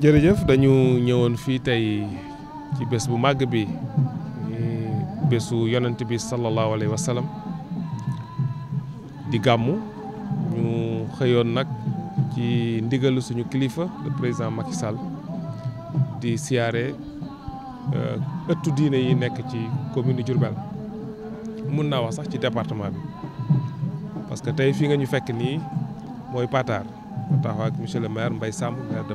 jërëjëf dañu ñëwoon fii tey ci bés bu màgg bi bésu yonent bi sallallahu alayhi wa sallam di gàmmu ñu xëyoon nag ci ndigalu suñu kilifa le président Macky Sall di siyaare euh, ëttu diine yi nekk ci commune Diourbel mun naa wax sax ci département bi parce que tey fii nga ñu fekk nii mooy Patar taxaw ak monsieur le maire Mbaye Samb maire de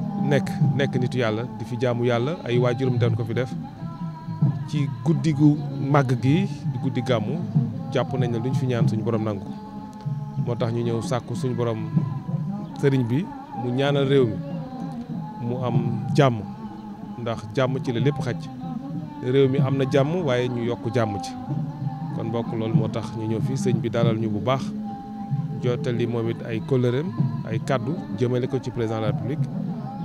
nekk nekk nit yàlla di fi jaamu yàlla ay waajuram dañ ko fi def ci guddi gu màgg gi di guddi gàmmu jàpp nañ ne lu ñu fi ñaan suñu borom nangu moo tax ñu ñëw sàkku suñu boroom sëriñ bi mu ñaanal réew mi mu am jàmm ndax jàmm ci la lépp xaj réew mi am na jàmm waaye ñu yokk jàmm ci kon bokk loolu moo tax ñu ñëw fii sëñ bi dalal ñu bu baax jottali moom it ay kóllëreem ay kàddu jëmale ko ci président la république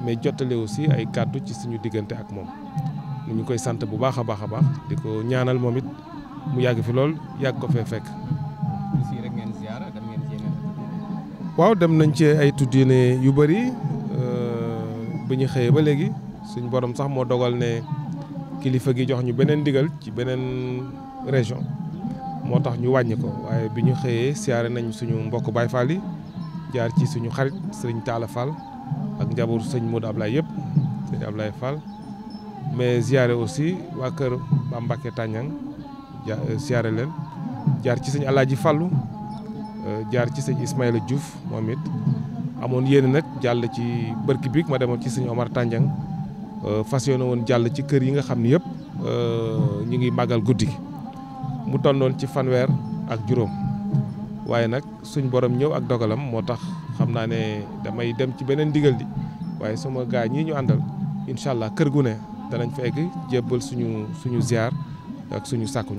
mais jottale aussi ay kàddu ci suñu diggante ak moom ñu koy sant bu baax a baax a baax di ko ñaanal moom it mu yàgg fi lool yàgg ko fee fekk. waaw dem nañ ci ay tuddiine yu bëri euh, bi ñu xëyee ba léegi suñ borom sax moo dogal ne kilifa gi jox ñu beneen digal ci beneen région moo tax ñu wàññi ko waaye bi ñu xëyee siyaare nañ suñu mbokk Baay Faal yi jaar ci suñu xarit Sëriñ Taala ak njabur seigne Modou Ablaye yep seigne Ablaye Fall mais ziaré aussi wa keur Ba Mbacké Tàññang euh, ziaré len jaar ci seigne Alaaji Fallu euh, jaar ci seigne Ismaïla Diouf momit amone yene nak jall ci barki bik ma demoon ci seigne Omar Tàññang euh, fas won jall ci keur yi nga xamni yep ñi ngi magal goudi mu tonnon ci fanwer ak waye nak suñ borom ñew ak dogalam motax xam naa ne damay dem ci beneen ndigal li waaye sama gaa ñii ñu àndal incha allah kër gu ne danañ fa egg jébbal suñu suñu ziar ak suñu sàkku